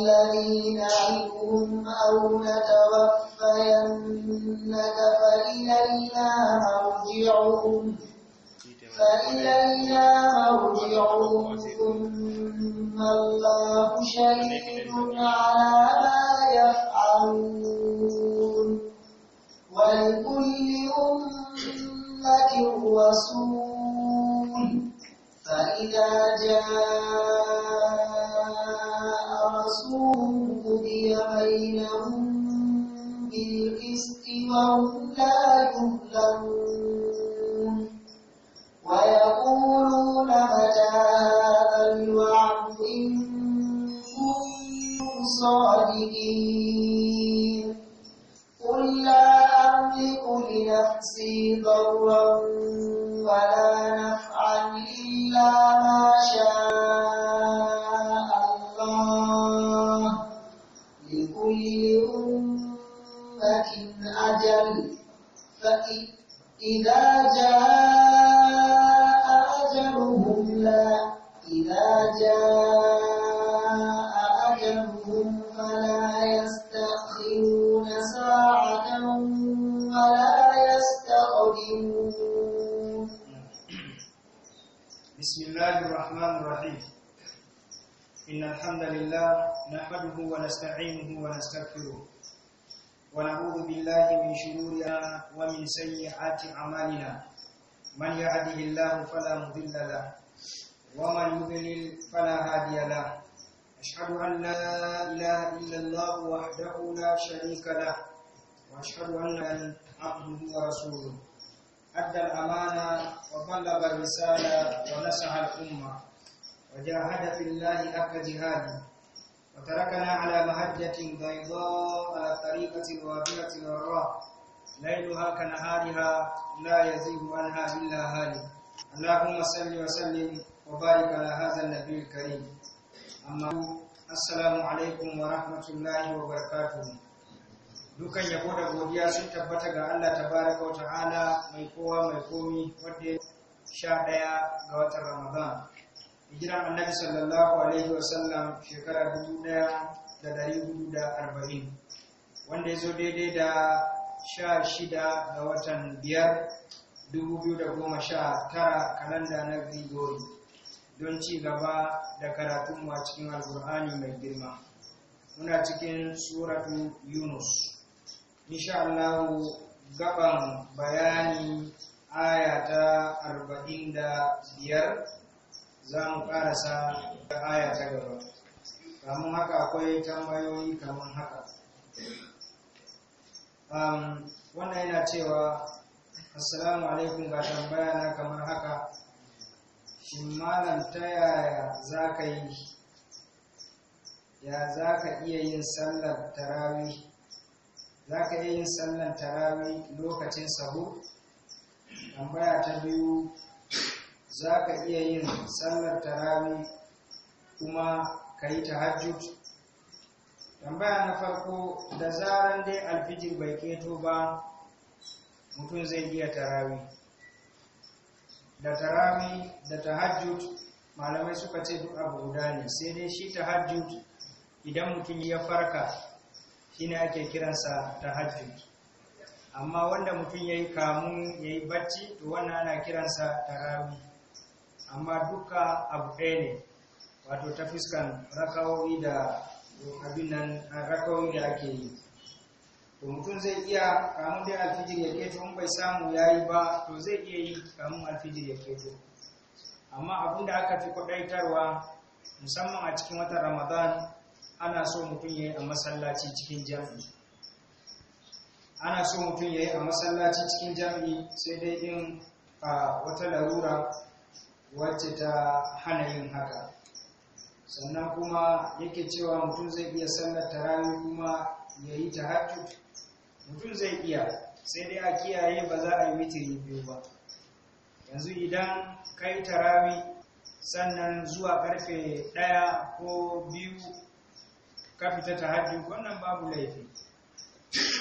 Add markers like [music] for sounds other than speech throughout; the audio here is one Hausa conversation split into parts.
الذين عنهم أو نتوفينك فإلينا مرجعهم فإلينا مرجعهم يهده الله فلا مضل له ومن يضلل فلا هادي له أشهد أن لا إله إلا الله وحده لا شريك له وأشهد أن عبده ورسوله أدى الأمانة وطلب الرسالة ونصح الأمة وجاهد في الله حق جهاده وتركنا على مهجة بيضاء على طريقة الواضحة وراء ليلها كنهارها لا يزيغ عنها إلا هالي اللهم صل وسلم وبارك على هذا النبي الكريم أما السلام عليكم ورحمة الله وبركاته dukan yabo da godiya sun tabbata ga Allah tabaraka wa ta'ala mai kowa mai komi wanda sha ɗaya ga watan Ramadan hijiran annabi sallallahu alaihi wa sallam shekara arba'in. wanda ya zo daidai da sha shida ga watan biyar dubu biyu da goma sha tara kalanda na grigori don ci gaba da karatunmu a cikin alkur'ani mai girma muna cikin suratu yunus insha allahu gaban bayani aya ta arba'in da biyar za mu karasa da aya ta gaba kamun haka akwai tambayoyi kamun haka Um, wannan yana cewa assalamu alaikum ga tambaya na kamar haka shin malam ta yaya za ka yi ya za ka iya yin sallar tarawi za ka iya yin sallar tarawi lokacin sahu tambaya ta biyu za ka iya yin sallar tarawi kuma ka yi ta tahajjud tambaya na farko da zaran dai alfijir bai keto ba mutum zai iya tarawi da tarawi da tahajjud malamai suka ce duk abu guda ne sai dai shi tahajjud idan mutum ya farka shine ake kiransa tahajjud amma wanda mutum ya yi kamun ya yi bacci to wannan ana kiransa tarawi amma duka abu ɗaya ne wato ta fuskan rakawowi da abin nan rakawai da ake yi to mutum zai iya kamun dai alfijir ya keto in bai samu ya yi ba to zai iya yi kamun alfijir ya keto amma abin da aka fi kwaɗaitarwa musamman a cikin watan ramadan ana so mutum ya yi a masallaci cikin jami'i ana so mutum ya yi a masallaci cikin jami'i sai dai in wata larura wacce ta hana yin haka sannan kuma yake cewa mutum zai iya sallar tarawih kuma ya yi tahajjud mutum zai iya sai dai a kiyaye ba za a yi witiri biyu ba yanzu idan kai tarawi sannan zuwa karfe ɗaya ko biyu ka fita tahajjud wannan babu laifi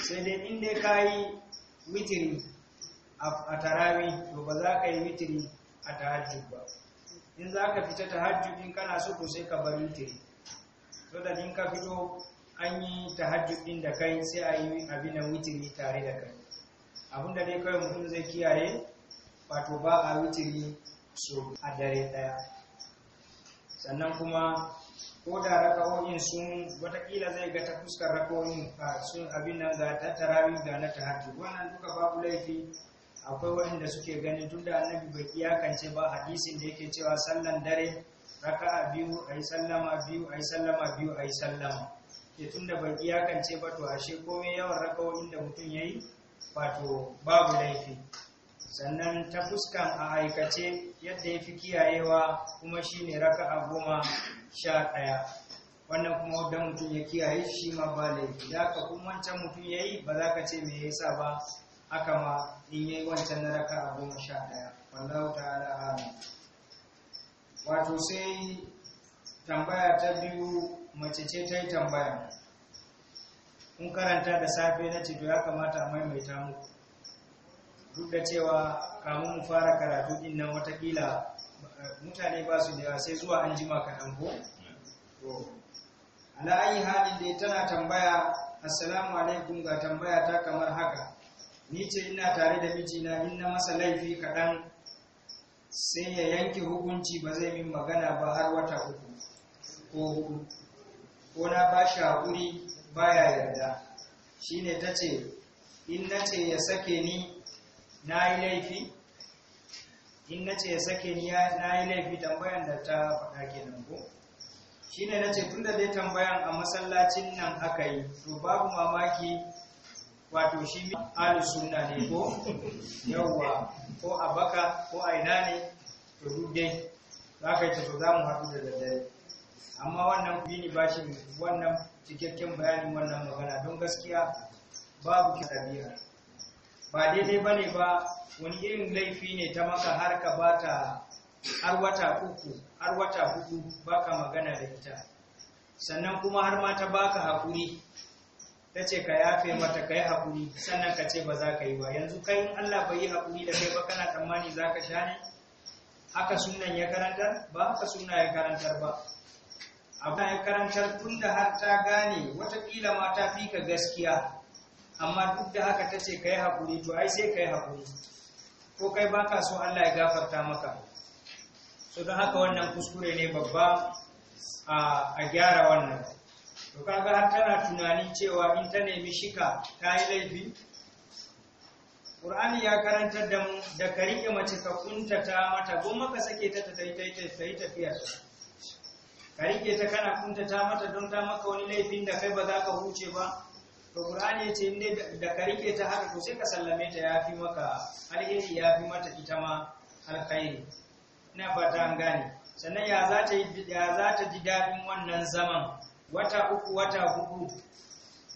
sai dai in dai ka yi witiri a tarawi to ba za ka yi witiri a tahajjud ba in za ka fita tahajjud in kana so ko sai ka bar witiri so da in ka fito an yi tahajjud da kai sai a yi abin da witiri tare da kai abin da dai kawai mutum zai kiyaye wato ba a witiri so a dare daya sannan kuma ko da raka'o'in sun watakila zai ga ta fuskar raka'o'in sun abin nan ga ta ga na tahajjud wannan duka babu laifi akwai waɗanda suke gani tun da annabi bai iyakance ba hadisin da yake cewa sallan dare raka'a biyu a yi sallama biyu a sallama biyu a sallama ke tun da bai iyakance ba to ashe komai yawan raka'o'in da mutum ya yi wato babu laifi sannan ta fuskan a aikace yadda ya fi kiyayewa kuma shine raka'a goma sha ɗaya wannan kuma wadda mutum ya kiyaye shi ma ba laifi da ka kuma wancan mutum ya yi ba za ka ce me yasa ba haka ma in yi wancan na raka a goma sha ɗaya wallahu ta'ala alam wato sai tambaya ta biyu mace ce ta yi tambaya in karanta da safe na ce to ya kamata a maimaita muku duk da cewa kamu mu fara karatu din nan watakila eh, mutane ba su da sai zuwa an jima kaɗan ko to ala ayi halin tana tambaya assalamu alaikum ga tambaya ta kamar haka ni ce ina tare da mijina in na masa laifi kaɗan sai ya yanke hukunci ba zai min magana ba har wata uku ko hudu ko na ba shi haƙuri baya yarda Shi ne ta ce in na ce ya sake ni na yi laifi in na ce ya sake ni na yi laifi tambayan da ta faɗa nan ko Shi ne na ce tun da dai tambayan a masallacin nan aka yi to babu mamaki wato shi ahlus sunna ne ko yawwa ko a baka ko a ina ne to duk dai za ka yi ta za mu haɗu da daddare amma wannan bini shi wannan cikakken bayani, wannan magana don gaskiya babu tabiya ba daidai ba ne ba wani irin laifi ne ta maka har ka ba ta har wata uku har wata hudu baka magana da ita sannan kuma har ma ta baka haƙuri ta ce ka yafe mata ka yi haƙuri sannan ka ce ba za ka yi ba yanzu kai in Allah bai yi haƙuri da kai ba kana tsammani za ka sha haka sunan ya karantar ba haka suna ya karantar ba Abin ya karantar tun da har ta gane watakila ma ta fi ka gaskiya amma duk da haka ta ce ka yi haƙuri to ai sai ka yi haƙuri ko kai ba ka so Allah ya gafarta maka so don haka wannan kuskure ne babba a gyara wannan to kaga har tana tunani cewa in ta nemi shika ta yi laifi Qur'ani ya karantar da mu da ka mace ka kunta ta mata don maka sake ta ta tafiya ka ta kana kunta ta mata don ta maka wani laifin da kai ba za ka huce ba to Qur'ani ya ce in dai da ka ta haka to sai ka sallame ta ya fi maka alheri ya fi mata ita ma alkhairi ina fata an gane sannan ya za ji daɗin wannan zaman wata uku wata hudu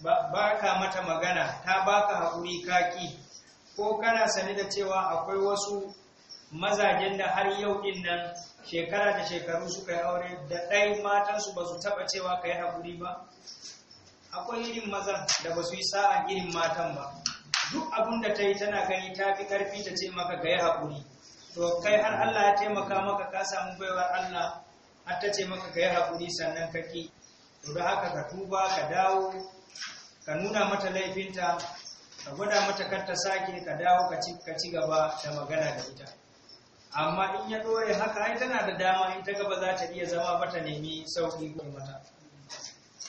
ba ka mata magana ta baka haƙuri kaki ko kana sane da cewa akwai wasu mazajen da har yau din nan shekara da shekaru suka yi aure da ɗai matansu ba su taɓa cewa ka yi haƙuri ba akwai irin mazan da ba su yi sa'a irin matan ba duk abin da ta yi tana gani ta fi ƙarfi ta ce maka ga yi haƙuri to kai har Allah ya taimaka maka ka samu baiwar Allah har ta ce maka ga yi haƙuri sannan kake to da haka ka tuba ka dawo ka nuna mata laifinta ka gwada mata kar ta sake ka dawo ka ci gaba da magana da ita amma in ya dore haka ai tana da dama in ta gaba za ta iya zama mata nemi sauki ko mata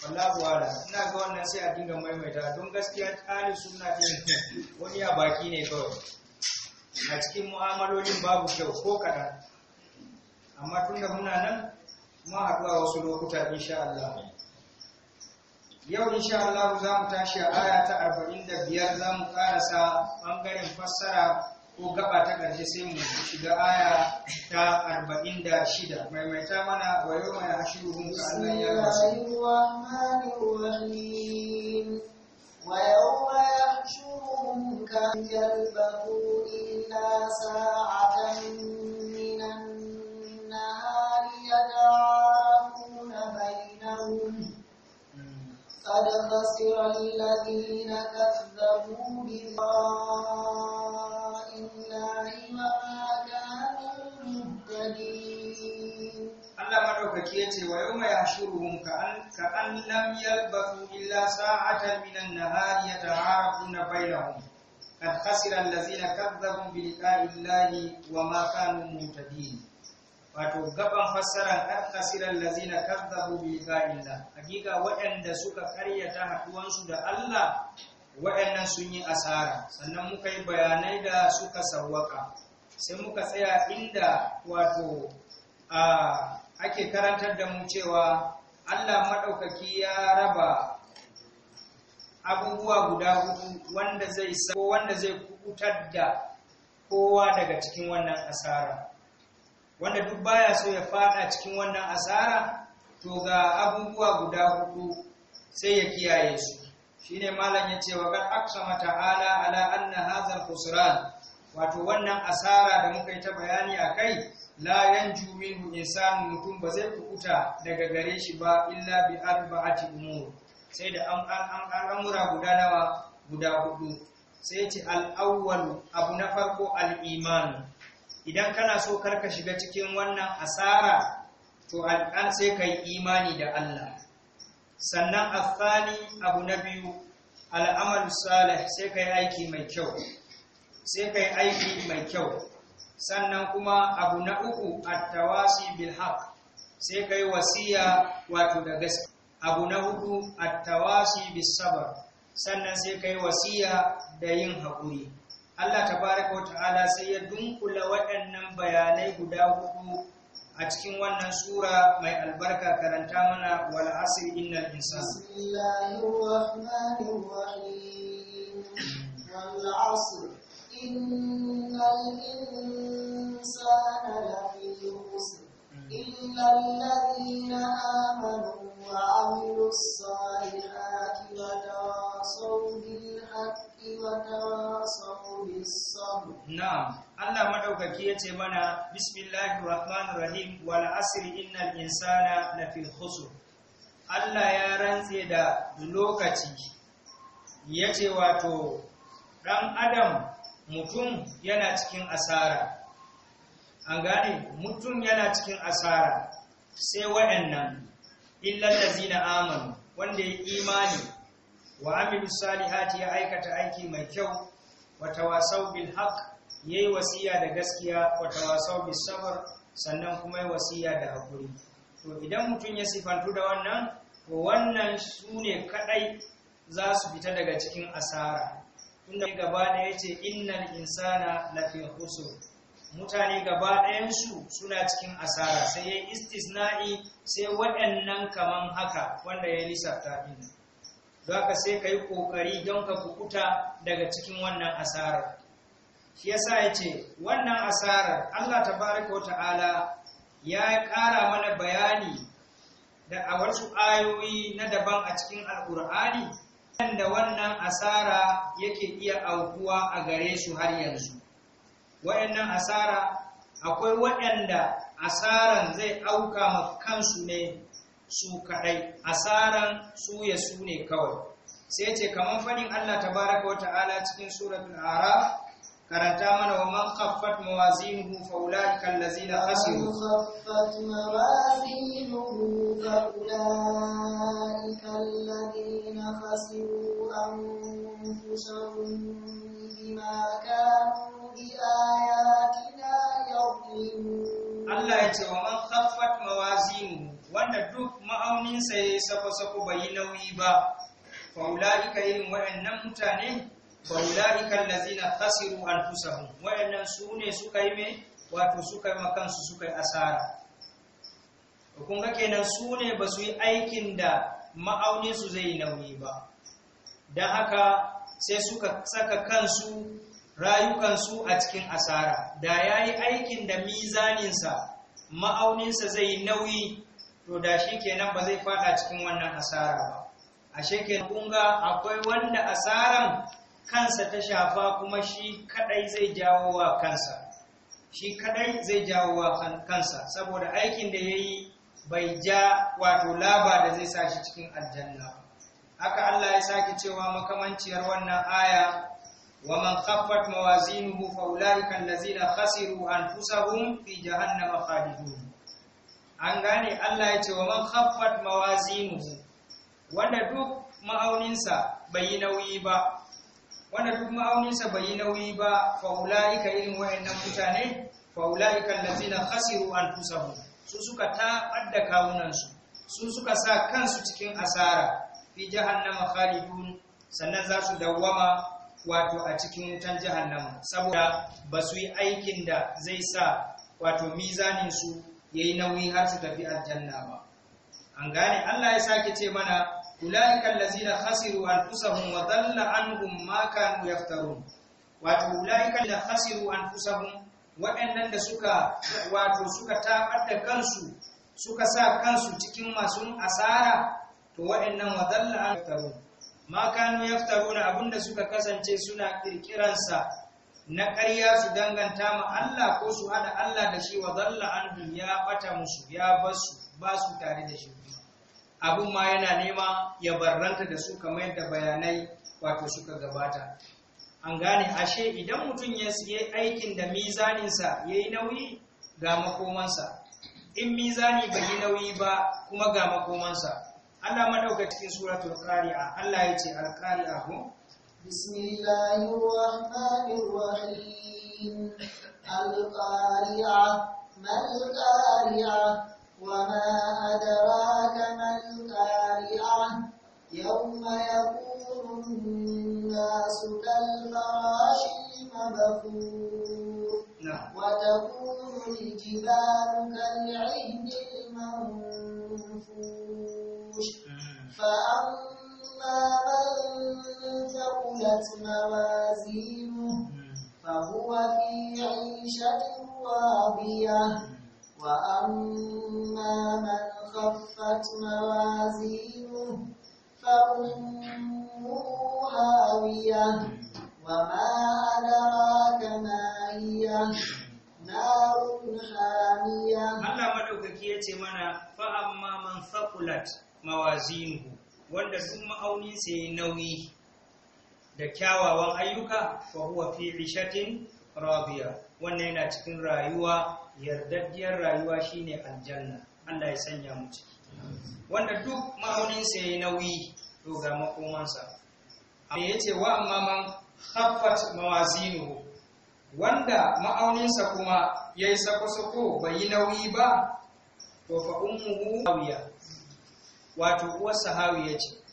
wallahi wala ina ga wannan sai a dinga maimaita don gaskiya tsari sunna din wani ya baki ne kawai a cikin mu'amalolin babu kyau ko kaɗan amma tunda muna nan ma haɗuwa wasu lokuta insha Allah yau insha Allah za mu tashi a aya ta arba'in da biyar, za mu karasa ɓangaren fassara ko gaba ta ƙarshe sai mu shiga aya ta arba'in da shida. maimaita mana wa yau mai hashiruhum ka Allah ya rasu ويوم يحشرهم كأن يلبثوا إلا ساعة قد خسر الذين كذبوا بلقاء الله وما كانوا مهتدين الله مدوكاكي yace wa yawma yahshuruhum ka an lam yalbathu illa sa'atan min an-nahari yata'arafuna bainahum qad khasira allazina kadzabu bi liqa'i wa ma wato gaban fassara, kad kasiran lazina kadzabu bi liqa'illah hakika waɗanda suka karyata su da Allah waɗannan sun yi asara sannan muka yi bayanai da suka sawwaka sai muka tsaya inda wato a ake karantar da mu cewa Allah maɗaukaki ya raba abubuwa guda hudu wanda zai ko wanda zai kubutar da kowa daga cikin wannan asara wanda duk baya so ya fada cikin wannan asara to ga abubuwa guda hudu sai ya kiyaye su shine malam yace wa kad aqsama ta'ala ala anna hadha khusran wato wannan asara da muka yi ta bayani akai la yanju minhu insan mutum ba zai kukuta daga gare shi ba illa bi arba'ati umur sai da an al'amura guda nawa guda hudu sai ce al-awwal abu na farko al-iman idan kana so karka shiga cikin wannan asara to an sai ka yi imani da Allah sannan afani abu na biyu al'amal salih sai kai aiki mai kyau sai kai aiki mai kyau sannan kuma abu na uku attawasi bil haqq sai kai wasiya wato da gaske abu na hudu attawasi bis sabr sannan sai kai wasiya da yin haƙuri Allah ta baraka wata'ala sai ya dunkula waɗannan bayanai guda hudu a cikin wannan sura mai albarka karanta mana wal asr innal insana Na'am, Allah maɗaukaki ya ce mana, Bismillahir Rahmanir Rahim, wal asri innal insana lafi khusr. Allah ya rantse da lokaci, ya ce wato, 'Dan Adam mutum yana cikin asara. An gane, mutum yana cikin asara, sai waɗannan, illal lazina amanu, wanda ya imani wa amilu salihati ya aikata aiki mai kyau wa tawasau bil haqq yayi wasiya da gaskiya wa tawasau bis sabr sannan kuma yayi wasiya da hakuri to idan mutum ya sifantu da wannan to wannan sune kadai za su fita daga cikin asara tunda gaba da yace innal insana lafi khusr mutane gaba ɗayansu suna cikin asara sai ya istisna'i sai waɗannan kaman haka wanda ya lissafta ɗin za ka sai ka yi ƙoƙari don ka bukuta daga cikin wannan asarar shi sa ya ce wannan asarar allah ta wa ta'ala ya ƙara mana bayani da a wasu ayoyi na daban a cikin alƙur'ani da wannan asara yake iya aukuwa a gare su har yanzu waɗannan asara akwai waɗanda asaran zai auka ma kansu ne su kadai asaran su ya su ne kawai sai ce kaman fadin Allah tabaraka wa ta'ala cikin suratul araf karanta mana wa man khaffat mawazinuhu fa ulaika allazina khasiru khaffat mawazinuhu fa ulaika allazina khasiru anfusahum bima kanu bi ayatina yadhlimun Allah ya ce wa man khaffat mawazinuhu wanda duk ma'auninsa ya yi sako-sako bai yi nauyi ba Fa faula'ika irin waɗannan mutane fa faula'ika allazina khasiru anfusahum waɗannan su ne suka yi me wato suka yi makansu suka yi asara kun ga kenan su ne ba su yi aikin da ma'auninsu zai yi nauyi ba don haka sai suka saka kansu rayukansu a cikin asara da ya yi aikin da mizaninsa ma'auninsa zai yi nauyi to da shi kenan ba zai fada cikin wannan asara ba A kenan kunga akwai wanda asaran kansa ta shafa kuma shi kadai zai jawo wa kansa shi kadai zai jawo wa kansa saboda aikin da yayi bai ja wato laba da zai sa shi cikin aljanna haka Allah ya sake cewa makamanciyar wannan aya wa man khaffat mawazinuhu fa ulaika allazina khasiru anfusahum fi jahannama khalidun an gane Allah ya ce wa man khaffat mawazinuhu wanda duk ma'auninsa bai yi nauyi ba wanda duk ma'auninsa bai yi nauyi ba fa ulaika irin wayannan mutane fa ulaika allazina khasiru anfusahum su suka tabar da kawunansu su suka sa kansu cikin asara fi jahannama khalidun sannan za su dawwama wato a cikin wutan jahannama saboda ba su yi aikin da zai sa wato mizanin su yayi nauyi har su tafi aljanna ba an gane Allah ya sake ce mana ulaika allazina khasiru anfusahum wa dhalla anhum ma kanu yaftarun wato ulaika hasiru khasiru anfusahum waɗannan da suka wato suka tabar da kansu suka sa kansu cikin masu asara to waɗannan wa dhalla anhum ma kanu yaftaruna abinda suka kasance suna kirkiransa na ƙarya su danganta ma Allah ko su hada Allah da shi wa zalla anhu ya bata musu ya basu ba su tare da shi abun ma yana nema ya barranta da su kamar yadda bayanai wato suka gabata an gane ashe idan mutum ya siye aikin da mizanin sa yayi nauyi ga makomansa in mizani bai yi nauyi ba kuma ga makomansa Allah madaukakin suratul qari'a Allah ya ce al-qari'a بسم الله الرحمن الرحيم القارعة ما القارعة وما أدراك ما القارعة يوم يقول الناس كالفراش المبثور نعم. وتكون الجبال كالعهن المنفوش فأما ثقلت موازينه فهو في عيشة راضية وأما من خفت موازينه فأمه هاوية وما أدراك ما هي نار حامية الله مدوكك يتي منا فأما من ثقلت موازينه wanda duk ma'auninsa ya nauyi da kyawawan ayyuka fa huwa fi ishatin radiya wannan yana cikin rayuwa yardaddiyar rayuwa shine aljanna Allah ya sanya mu ciki wanda duk ma'aunin sa yayi nauyi to ga sa amma yace wa amma man khaffat mawazinuhu wanda ma'auninsa kuma yayi sako-sako bai yi nauyi ba to fa ummuhu hawiya wato uwar hawiya ce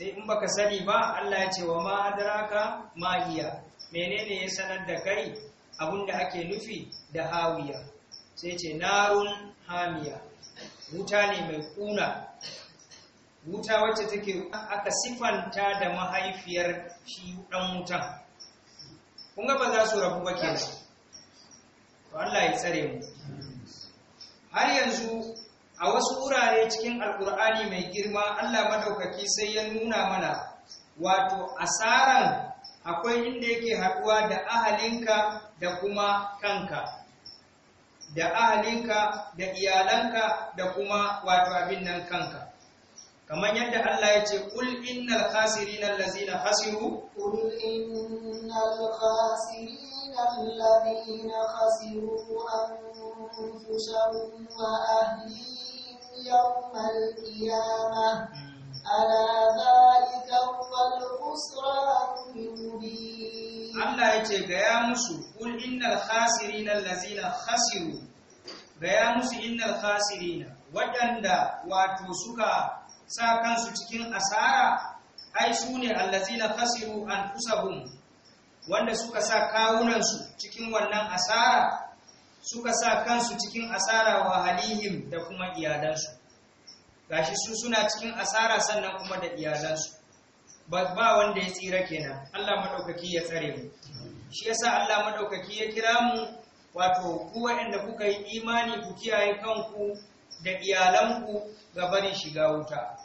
sai in baka sani ba Allah ya ce wa ma adraka ma hiya menene ya sanar da kai abinda ake nufi da hawiya sai ce narun hamiya wuta ne mai kuna wuta wacce take aka sifanta da mahaifiyar shi dan wutan kun ga ba su rabu ba kenan to Allah ya tsare mu har yanzu a wasu wurare cikin alkur'ani mai girma Allah madaukaki sai ya nuna mana wato asaran akwai inda yake haɗuwa da ahalinka da kuma kanka da ahalinka da iyalanka da kuma wato abin nan kanka kamar yadda Allah ya ce kul innal khasirina allazina khasiru kul innal khasirina allazina khasiru anfusahum wa ahlihim يوم القيامة ألا ذلك هو الخسران المبين الله يتيجا يا مسو قل إن الخاسرين الذين خسروا gaya musu innal khasirina waɗanda wato suka sa kansu cikin asara ai su ne allazina wanda suka sa kawunansu cikin wannan asara suka sa kansu cikin asara wa halihim da kuma iyalansu gashi su suna cikin asara sannan kuma da iyalansu ba wanda ya tsira kenan Allah madaukaki ya tsare mu shi yasa Allah madaukaki ya kira mu wato ku waɗanda kuka yi imani ku kiyaye kanku da iyalanku ga barin shiga wuta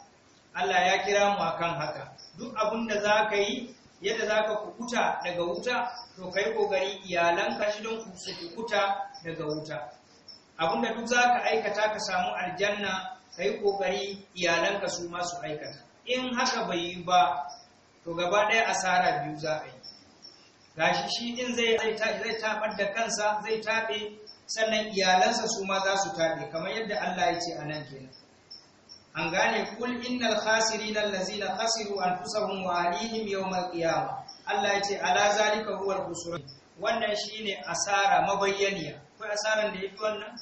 Allah ya kira mu akan haka duk abin da za ka yi yadda za ka kukuta daga wuta to ka yi ƙoƙari iyalanka shi don su kukuta daga wuta abinda duk za ka aikata ka samu aljanna ka yi ƙoƙari iyalanka su masu aikata in haka bai yi ba to gaba ɗaya asara biyu za a yi gashi shi ɗin zai taɓar da kansa zai taɓe sannan iyalansa su ma za su taɓe kamar yadda Allah ya ce a nan kenan an gane kul innal khasirina na khasiru hun wa ahlihim yawmal Allah ya ce ala zalika huwal kusurai wannan shine asara mabayyaniya akwai asaran da yafi wannan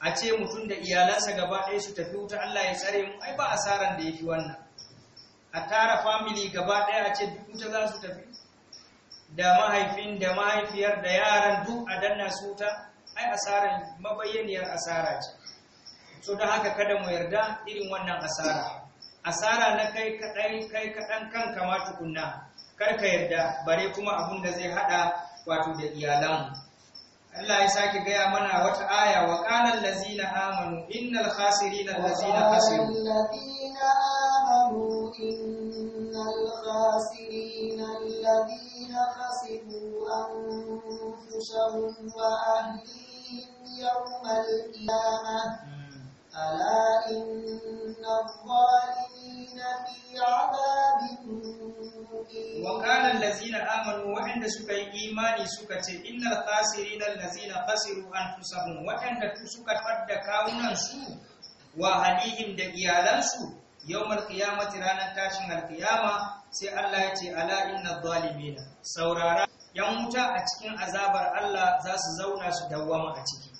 a ce mutum da iyalansa gaba ɗaya su tafi wuta Allah ya tsare mu ai ba asaran da fi wannan a tara family gaba ɗaya a ce duk wuta za su tafi da mahaifin da mahaifiyar da yaran duk a danna su wuta ai asaran mabayyaniyar asara ce so don haka kada mu yarda irin wannan asara asara na kai kaɗan kai kaɗan kan kama tukunna kar ka yarda bare kuma abun da zai haɗa wato da iyalanmu Allah ya sake gaya mana wata aya wa qalan lazina amanu innal khasirina allazina khasiru allazina amanu innal khasirina allazina khasiru anfusahum wa ahlihim yawmal qiyamah hmm. ala inna adh-dhalimina fi 'adabin wa kana allazina amanu inda suka yi imani suka ce innal khasirina allazina khasiru anfusahum inda suka fadda kawunan su wa hadihim da iyalansu yawmal qiyamati ranar tashin alqiyama sai Allah ya ce ala inna zalimina saurara yan wuta a cikin azabar Allah za su zauna su dawwama a ciki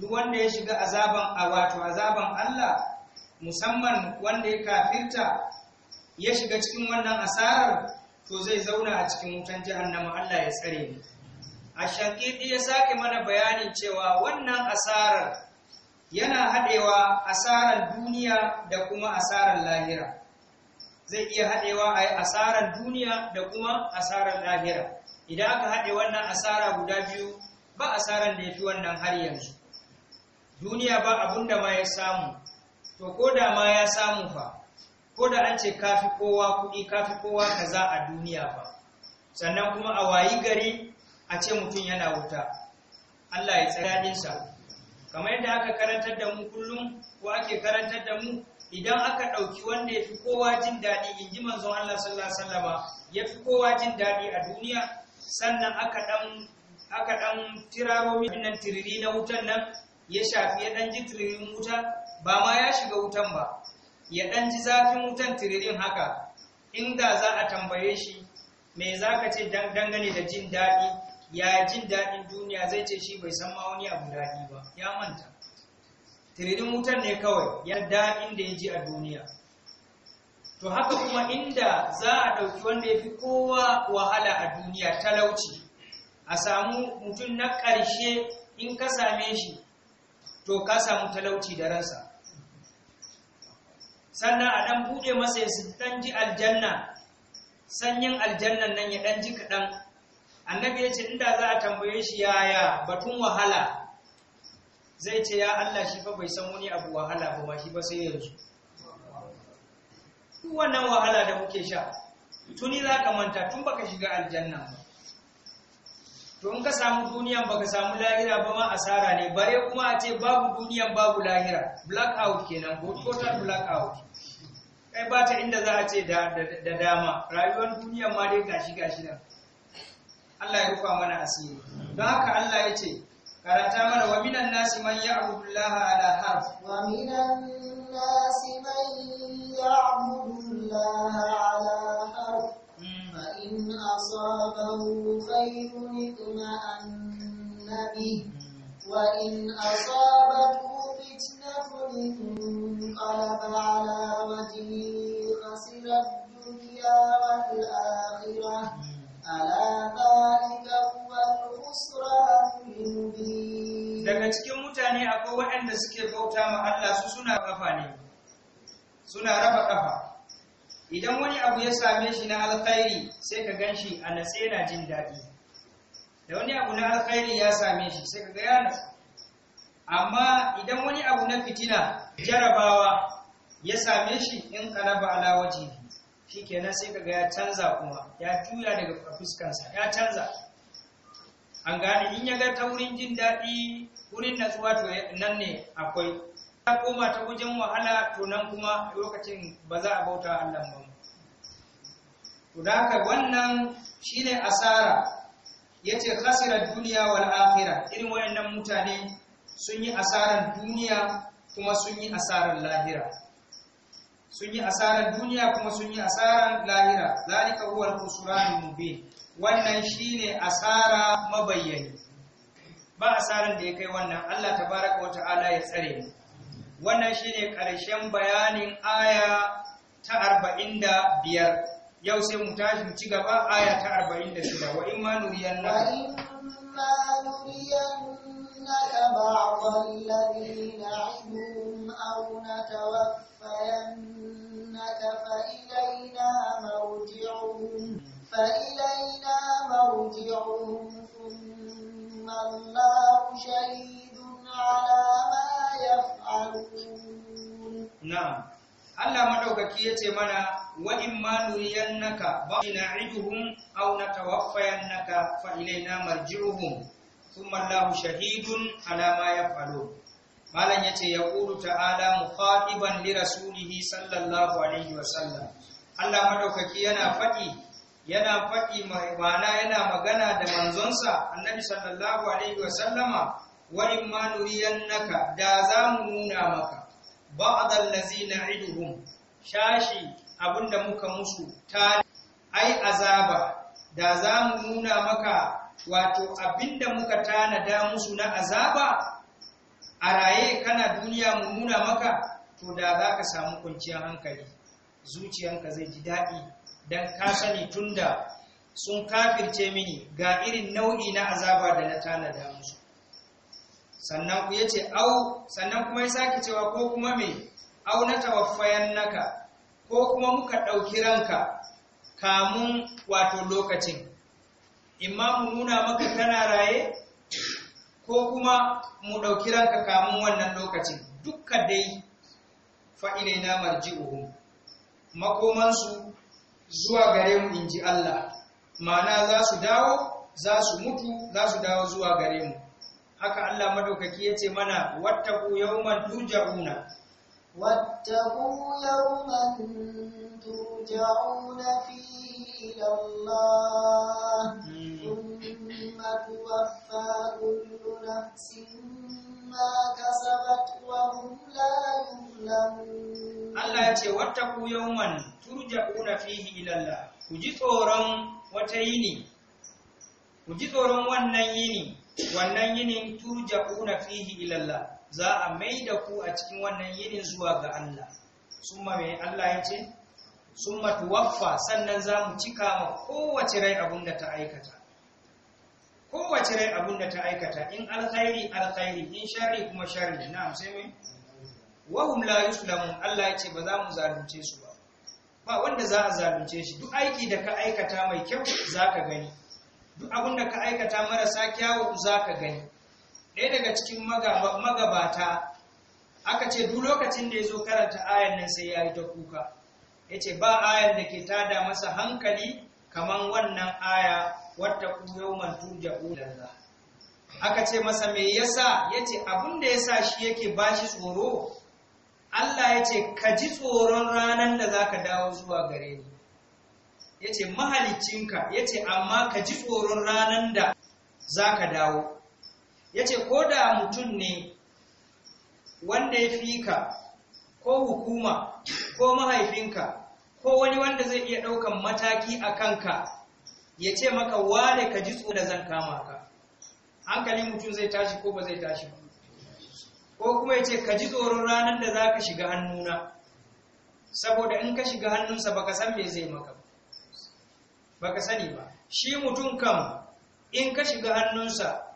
duk wanda ya shiga azaban a wato azaban Allah musamman wanda ya kafirta ya shiga cikin wannan asarar to zai zauna a cikin wutan jahannama Allah ya tsare mu a shakidi ya sake mana bayanin cewa wannan asarar yana haɗewa asarar duniya da kuma asarar lahira zai iya haɗewa a asarar duniya da kuma asarar lahira idan aka haɗe wannan asara guda biyu ba asaran da ya fi wannan har yanzu duniya ba abun da ma ya samu to ko da ma ya samu fa ko da an ce kafi kowa kuɗi kafi kowa kaza a duniya ba sannan kuma a wayi gari a ce mutum yana wuta Allah ya tsiraninsa kamar yadda aka karantar da mu kullum ko ake karantar da mu idan aka ɗauki wanda ya fi kowa jin daɗi in ji manzon Allah sallallahu alaihi wasallama ya fi kowa jin daɗi a duniya sannan aka ɗan aka ɗan tiraro nan tiriri na wutan nan ya shafi ya ɗan ji tiririn wuta ba ma ya shiga wutan ba ya ɗan ji zafin wutan tiririn haka inda za a tambaye shi me za ka ce dangane da jin daɗi ya jin daɗin duniya zai ce shi bai san ma wani abu daɗi ba ya manta tiririn wutan ne kawai ya daɗin da ya ji a duniya to haka kuma inda za a ɗauki wanda ya fi kowa wahala a duniya talauci a samu mutum na ƙarshe in ka same shi to ka samu talauci da ransa sannan a ɗan buɗe masa ya ɗan ji aljanna sanyin aljannan nan ya ɗan ji kaɗan annabi ya ce inda za a tambaye shi yaya batun wahala zai ce ya Allah shi fa bai san wani abu wahala ba ma shi ba sai yanzu duk wannan wahala da kuke sha tuni za ka manta tun baka shiga aljanna ba to in ka samu duniyan baka samu lahira ba ma asara ne bare kuma a ce babu duniyan babu lahira blackout kenan ko total blackout kai ba ta inda za a ce da dama rayuwar duniya ma dai gashi gashi nan Allah ya rufa mana asiri don haka Allah ya ce karanta mana wa minan nasi man ya'budu Allah ala harf wa minan nasi man ya'budu Allah ala harf hmm. fa in asabahu khayrun an nabi hmm. wa in asabahu على وجهه خسر الدنيا والآخرة ألا ذلك هو الخسران المبين daga cikin mutane akwai waɗanda suke bauta ma Allah su suna kafa ne suna raba kafa idan wani abu ya same shi na alkhairi sai ka gan shi a natse na jin daɗi da wani abu na alkhairi ya same shi sai ka ga ya natsu amma idan wani abu na fitina jarabawa ya same shi in kalaba ala waje shi kenan sai kaga ya canza kuma ya juya daga fuskansa ya canza an gane in ya ga ta jin daɗi wurin natsuwa to nan ne akwai ta koma ta wajen wahala to nan kuma lokacin ba za a bauta Allah ba to da haka wannan shine asara yace khasira duniya wal akhirah irin wayannan mutane sun yi asarar duniya kuma sun yi asarar lahira sun yi asarar duniya kuma sun yi asarar lahira zalika huwa al-khusran mubin wannan shine asara mabayyani ba asaran da ya kai wannan Allah tabaraka wa ta'ala ya tsare mu wannan shine karshen bayanin aya ta 45 yau sai mu tashi mu ci gaba aya ta 46 wa imanu nuriyanna wa إنك بعض الذين نعدهم أو نتوفينك فإلينا مرجعهم فإلينا مرجعهم ثم الله شهيد على ما يفعلون نعم Allah madaukaki ya ce mana wa in ma nuriyannaka ba ina iduhum aw natawaffayannaka fa ilaina marji'uhum thumma Allahu shahidun ala ma yafalu malan yace ya qulu ta'ala muqadiban li rasulihi sallallahu alaihi sallam. Allah madaukaki yana faɗi yana faɗi ma'ana yana magana da manzonsa annabi sallallahu alaihi sallama wa imma nuriyannaka da zamu nuna maka ba'd allazina iduhum shashi abinda muka musu ta ai azaba da zamu nuna maka wato abinda muka tanada musu na azaba a raye kana duniya mu maka to da za ka samu kwanciyar hankali zuciyarka zai ji daɗi don ka sani da sun kafirce mini ga irin nau'i na azaba da na tanada musu sannan ku yace au sannan kuma ya sake cewa ko kuma me au na tawaffayan naka ko kuma muka ɗauki ranka kamun wato lokacin imma mu nuna maka kana raye ko kuma mu ɗauki ranka kamun wannan lokacin dukka dai fa'ilai marji'uhum makomansu zuwa gare mu in ji Allah ma'ana za su dawo za su mutu za su dawo zuwa gare mu haka Allah madaukaki ya ce mana wattaku yawman turja'una wattaku yawman turja'una fihi ila Allah hmm. تجزى كل نفس ما كسبت وهم لا يظلمون الله يتي واتقوا يوما ترجعون فيه إلى الله كجي tsoron wata yini ku ji tsoron wannan yini wannan yinin turja'una fihi ila Allah za a maida ku a cikin wannan yinin zuwa ga Allah summa mai Allah ya ce? summa tuwaffa sannan za mu cika ma kowace rai abin da ta aikata cire abin da ta aikata in alkhairi alkhairi in shari kuma shari na sai mai wahum la yuslamu Allah ya ce ba za mu zalunce su ba ba wanda za a zalunce shi duk aiki da ka aikata mai kyau zaka gani duk abin da ka aikata marasa kyawu zaka gani ɗaya daga cikin magabata aka ce duk lokacin da ya zo karanta ayan nan sai ya yi ta kuka yace ce ba ayan da ke tada masa hankali kaman wannan aya wadda ku yawman turja'u lalla aka ce masa me yasa yace abin da yasa shi yake bashi tsoro Allah yace ka ji tsoron ranan da zaka dawo zuwa gare ni yace mahaliccinka yace amma ka ji tsoron ranan da zaka dawo yace da mutum ne wanda ya fika ko hukuma ko mahaifinka ko wani wanda zai iya ɗaukan mataki a kanka ya ce maka wane ka ji da zan kama ka hankali mutum zai tashi ko ba zai tashi ba ko kuma ya ce ka ji tsoron ranar da za ka shiga hannuna saboda in ka shiga hannunsa baka san me zai maka baka sani ba shi mutum kam in ka shiga hannunsa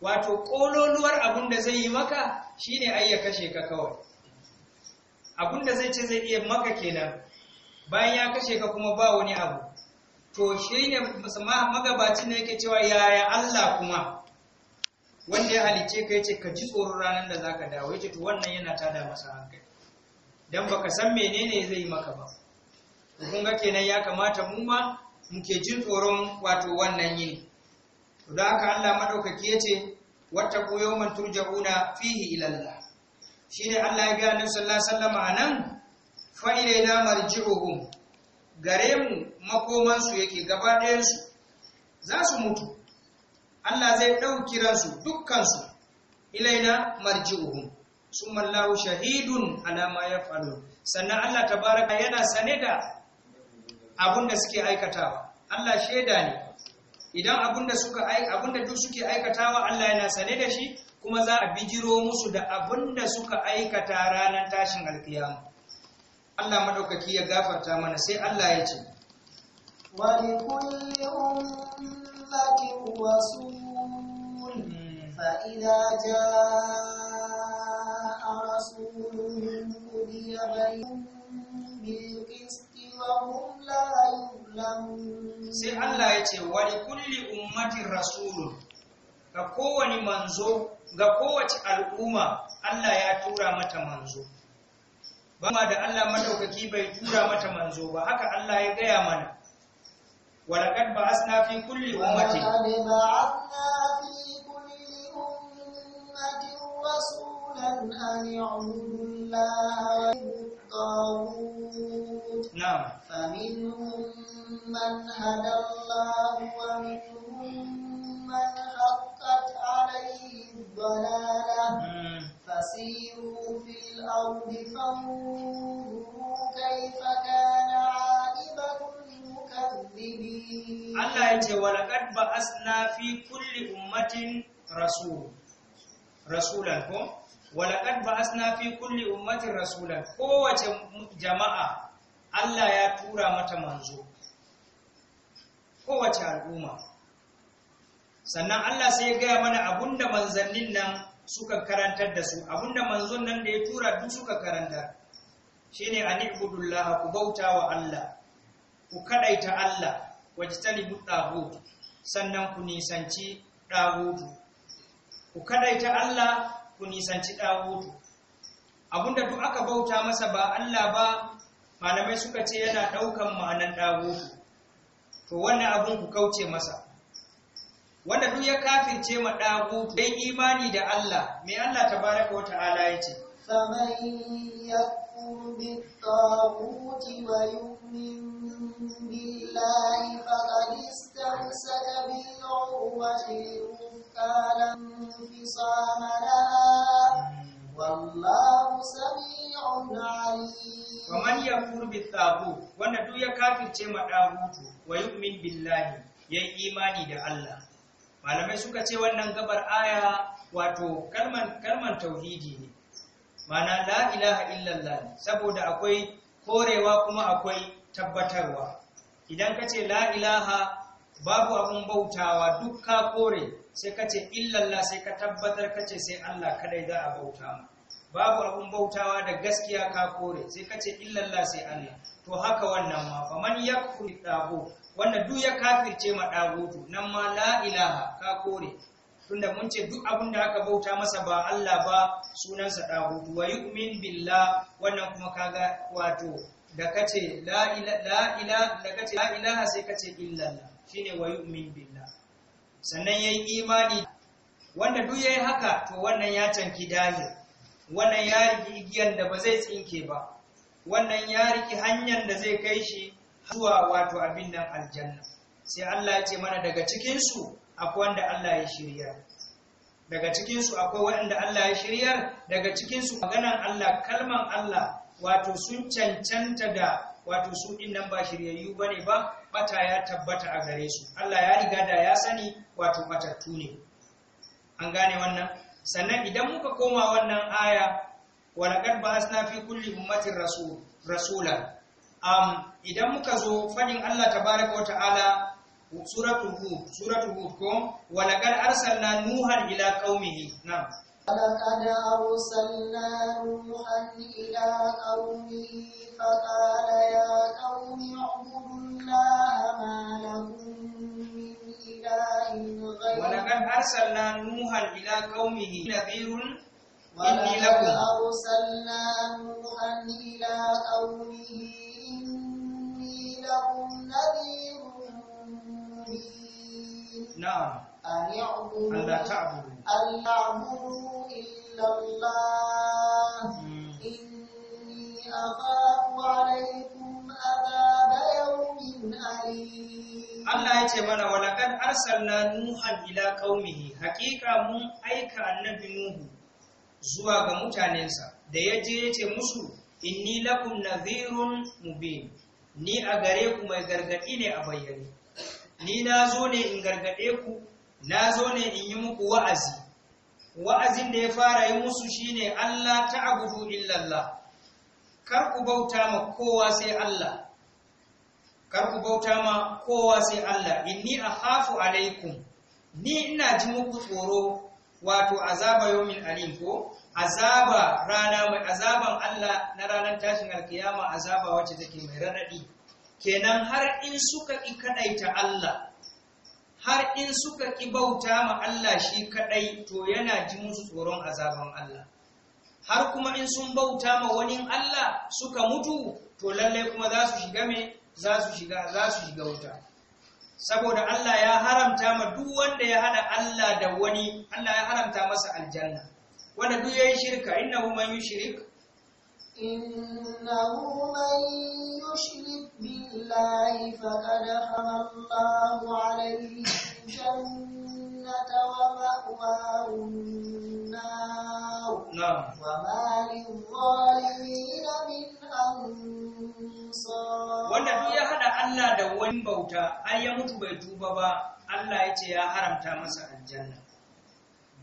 wato kololuwar abin da zai yi maka shi ne ya kashe ka kawai abin da zai ce zai iya maka kenan bayan ya kashe ka kuma ba wani abu to shi ne magabaci ne yake cewa yaya Allah kuma wanda ya halice ka yace ka ji tsoron ranar da zaka dawo yace to wannan yana tada masa hankali dan baka san menene zai maka ba kun ga kenan ya kamata mu ma muke jin tsoron wato wannan yini to da haka Allah madaukaki yace wata yawman turja'una fihi ila Allah ne Allah ya ga Annabi sallallahu alaihi wasallam anan fa ila marji'uhum gare mu makomansu yake gaba ɗayansu za su mutu Allah zai ɗauki ransu dukkansu ilaina marji'uhum summa mallahu shahidun alama ya faru sannan Allah ta baraka yana sane da abun da suke aikatawa Allah shaida ne idan abun da suka duk suke aikatawa Allah yana sane da shi kuma za a bijiro musu da abun da suka aikata ranar tashin alkiyama Allah madaukaki ya gafarta mana sai Allah ya ce wa li kulli ummati rasul fa idha jaa rasulun qudiya bainahum bil qisti wa hum la yuzlamun sai Allah ya ce wa li kulli ummatin rasulun ga kowani manzo ga kowace al'umma Allah ya tura mata manzo ba ma da Allah madaukaki bai tura mata manzo ba haka Allah ya gaya mana walaqad ba'asna fi kulli ummatin ba'athna fi kulli ummatin rasulan an ya'budu Allah نعم فمنهم من هدى الله ومنهم من حقت عليه الضلاله فسيروا في الأرض فانظروا كيف كان عاقبة المكذبين الله يجي ولقد بأسنا في كل أمة رسول رسولا ولقد بأسنا في كل أمة رسولا قوة جماعة Allah ya tura mata manzo kowace al'umma sannan Allah sai ya gaya mana da manzannin nan suka karantar da su abinda manzon nan da ya tura duk suka karanta shine anibudullah ku bauta wa Allah ku kadaita Allah wajtanibu taghut sannan ku nisanci dagutu ku kadaita Allah ku nisanci dagutu abinda duk aka bauta masa ba Allah ba malamai suka ce yana daukan ma'anan dagutu to wannan abun ku kauce masa wanda duk ya kafirce ma dago dan imani da Allah me Allah tabaraka wa ta'ala yace faman yakfur bit taquti wa wanda duk ya kafirce ma wa billahi yayi imani da Allah malamai suka ce wannan gabar aya wato kalman tauhidi ne mana la ilaha illallah saboda akwai korewa kuma akwai tabbatarwa idan ka ce la ilaha babu abun bautawa duk ka kore sai ka ce illallah sai ka tabbatar ka ce sai Allah kadai za a bauta mu babu abun bautawa da gaskiya ka kore sai ka ce illallah sai Allah to haka wannan ma fa man yakfur dago wanda duk ya kafirce ma dagutu nan ma la ilaha ka kore tunda mun ce duk abun da aka bauta masa ba Allah ba sunansa dagutu wa yu'min billah wannan kuma kaga wato da kace la ilaha da kace la ilaha sai kace illallah shine wa yu'min billah sannan yayi imani wanda duk yayi haka to wannan ya tanki dalil wannan ya riki igiyar da ba zai tsinke ba wannan ya riki hanyar da zai kai shi zuwa wato abin nan aljanna sai Allah ya ce mana daga cikinsu akwai wanda Allah ya shirya. daga cikinsu akwai waɗanda Allah ya shirya? daga cikinsu maganan Allah kalman Allah wato sun cancanta da wato su in nan ba shiryayyu ba ne ba bata ya tabbata a gare su Allah ya riga da ya sani wato matattu ne an gane wannan sannan idan muka koma wannan aya ba ba'asna fi kulli ummatin rasul rasula um, idan muka zo fadin Allah tabaraka wa ta'ala suratul hud suratul hud ko walaqad arsalna nuhan ila qaumihi na'am ولقد arsalna nuhan ila qaumihi فقال ya قوم اعبدوا ma ما ولقد أرسلنا نوحا إلى قومه نذير إني لكم أرسلنا نوحا إلى قومه إني لكم نذير نعم أن اعبدوا ألا تعبدوا أن تعبدوا إلا الله إني أخاف عليكم Allah ya ce mana walakad arsalna nuhan ila qaumihi hakika mun aika annabi nuhu zuwa ga mutanensa da yaje je ya ce musu inni lakum nadhirun mubin ni a gare ku mai gargadi ne a bayyane ni na ne in gargade ku Nazo zo ne in yi muku wa'azi wa'azin da ya fara yi musu shine Allah ta'budu illallah kar ku bauta ma kowa sai Allah kar ku bauta ma kowa sai Allah inni akhafu alaikum ni ina ji muku tsoro wato azaba yawmin alim ko azaba rana mai azaban Allah na ranar tashin alkiyama azaba wacce take mai radadi kenan har in suka ki kadaita Allah har in suka ki bauta ma Allah shi kadai to yana ji musu tsoron azaban Allah har kuma in sun bauta ma wani Allah suka mutu to lallai kuma za su shiga me za su shiga za su shiga wuta saboda Allah ya haramta ma duk wanda ya hada Allah da wani Allah ya haramta masa aljanna wanda duk yayin shirka innahu man yushrik innahu man yushrik billahi faqad haramallahu alayhi jannata wa ma'wahu an-nar wa ma lil-zalimin min wanda duk ya hada Allah da wani bauta an ya mutu bai tuba ba Allah ya ce ya haramta masa aljanna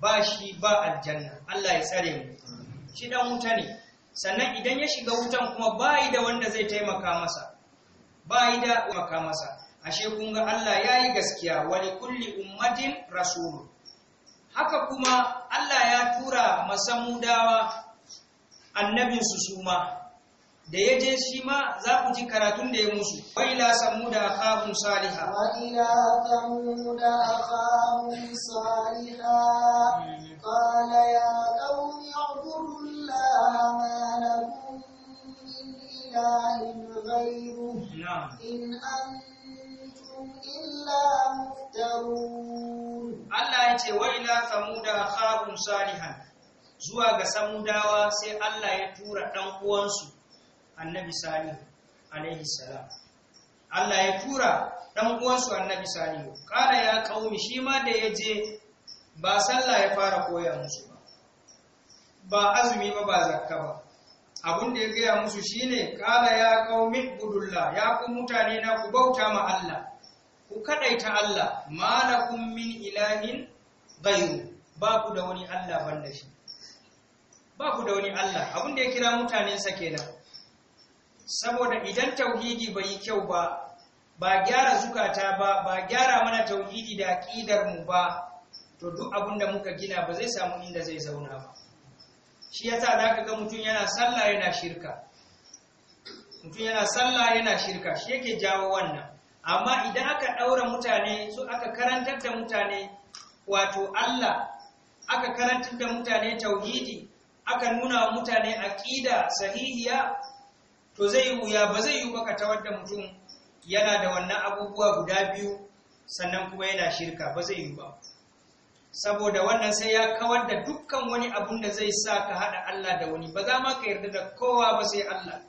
ba shi ba aljanna Allah ya tsare mu shi dan wuta ne sannan idan ya shiga wutan kuma ba yi da wanda zai taimaka masa Ba yi da taimaka masa ashe kun ga Allah yi gaskiya wani kulli ummatin rasulu. haka kuma Allah ya tura masamudawa annabinsu su ma da ya je shi ma za ku ji karatun da ya musu wai la samu da akhahum saliha wa ila samu da akhahum saliha qala ya qaumi ibudullaha ma lakum min ilahin ghayruhu in antum illa muftarun Allah ya ce wa ila samu da akhahum Saliha zuwa ga samudawa sai Allah ya tura dan uwansu annabi salihu alaihi salam Allah ya tura dan uwansu annabi salihu kana ya kaumi shi ma da ya je ba sallah ya fara koya musu ba ba azumi ba ba zakka ba abun da ya gaya musu shine kana ya kaumi budullah ya ku mutane na ku bauta ma Allah ku kadaita Allah malakum min ilahin ghayru ba ku da wani Allah banda shi ba ku da wani Allah abun da ya kira mutanensa kenan saboda idan tauhidi bai yi kyau ba ba gyara zukata ba ba gyara mana tauhidi da aqidar mu ba to duk abin da muka gina ba zai samu inda zai zauna ba shi yasa zaka ga mutum yana sallah yana shirka mutum yana sallah yana shirka shi yake jawo wannan amma idan aka ɗaura mutane su aka karantar da mutane wato Allah aka karantar da mutane tauhidi aka nuna wa mutane aƙida sahihiya to zai yi wuya ba zai yi baka ta wadda mutum yana da wannan abubuwa guda biyu sannan kuma yana shirka ba zai yi ba saboda wannan sai ya kawar da dukkan wani abun da zai sa ka haɗa Allah da wani ba za ma ka yarda da kowa ba sai Allah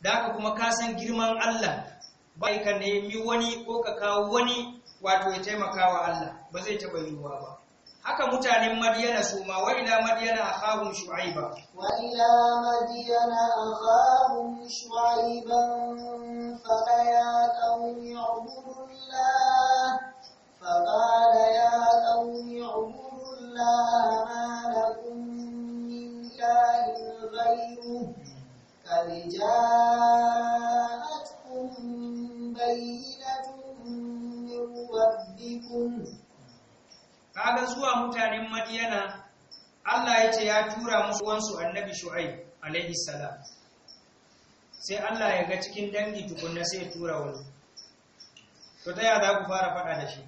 da haka kuma ka san girman Allah ba ka nemi wani ko ka kawo wani wato ya taimaka wa Allah ba zai taɓa yiwuwa ba Aka mutanen madiyana su ma wa ila madiyana akhahum shu'aiba wa ila madiyana akhahum shu'aiban fa ya qaumi ubudullah fa qala ya qaumi ubudullah ma lakum min ilahin ghayruh qad ja'atkum bayyinatun min rabbikum kaga zuwa mutanen madiyana Allah ya ce ya tura musu wansu annabi shuai alaihi salam sai Allah ya ga cikin dangi tukunna sai ya tura wani to ta yaya za ku fara faɗa da shi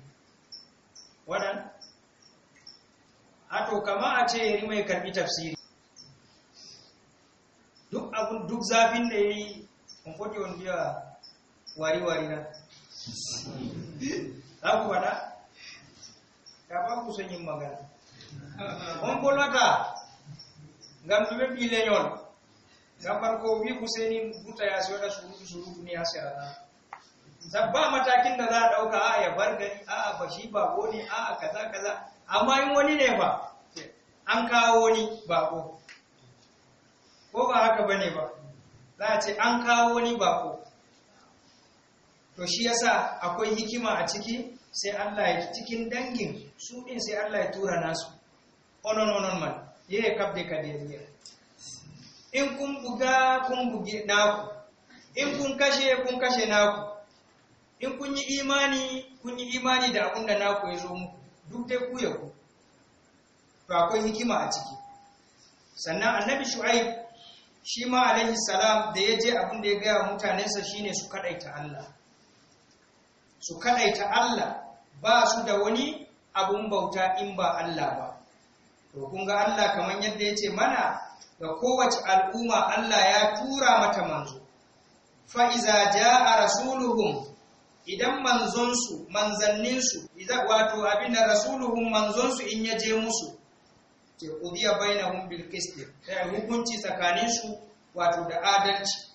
waɗan ato kama a ce yari mai karɓi tafsiri duk abun duk zafin da yayi yi kumfoti wani biya wari-wari na za ku faɗa da ba ku son yin magana on bolata ngam ɗume ɓileñol ngam ɓan ko wi kuseni butaya da waɗa surutu surutu ni ha serana sabba matakin da za a ɗauka a ya bar gari a a bashi bako ne a a kaza kaza amma in wani ne ba an kawo ni bako ko ba haka ba ne ba za a ce an kawo ni bako to shi yasa akwai hikima a ciki sai Allah ya cikin dangin su din sai Allah ya tura nasu onon oh, onon man yayi kabde kadiriya in kun buga kun bugi naku in kun kashe kun kashe naku in kun yi imani kun yi imani da abin da naku ya zo muku duk dai ku ya ku to akwai hikima a ciki sannan annabi shu'aib shi ma alaihi salam da ya je abin da ya gaya mutanensa shine su kadaita Allah su kadaita Allah ba su da wani abun bauta in ba Allah ba to kun Allah kamar yadda ya ce mana ga kowace al'umma Allah ya tura mata manzo fa iza jaa rasuluhum idan manzonsu manzanninsu wato abin da rasuluhum manzonsu in ya je musu ke kudiya bainahum bil Ta hukunci tsakaninsu wato da adalci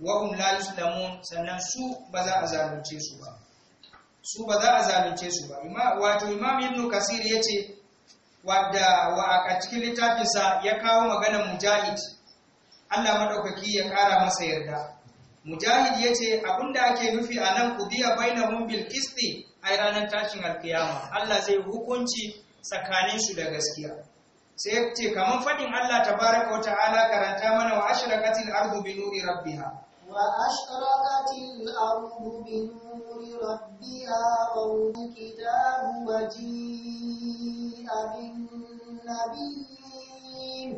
wa hum la yuslamun sannan su ba za a zalunce su ba su ba za a zalunce su ba wato imam ibn kasir ya ce wadda wa a cikin littafinsa ya kawo maganar mujahid allah maɗaukaki ya ƙara masa yarda mujahid ya ce abinda ake nufi a nan kudiya baina bil kisti a ranar tashin alkiyama allah zai hukunci tsakaninsu da gaskiya sai ce kamar faɗin allah tabaraka wa ta'ala karanta mana wa ashraqatil ardu bi nuri rabbiha wa ashraqatil ardu bi nuri ربها روض كتاب وجيء بالنبيين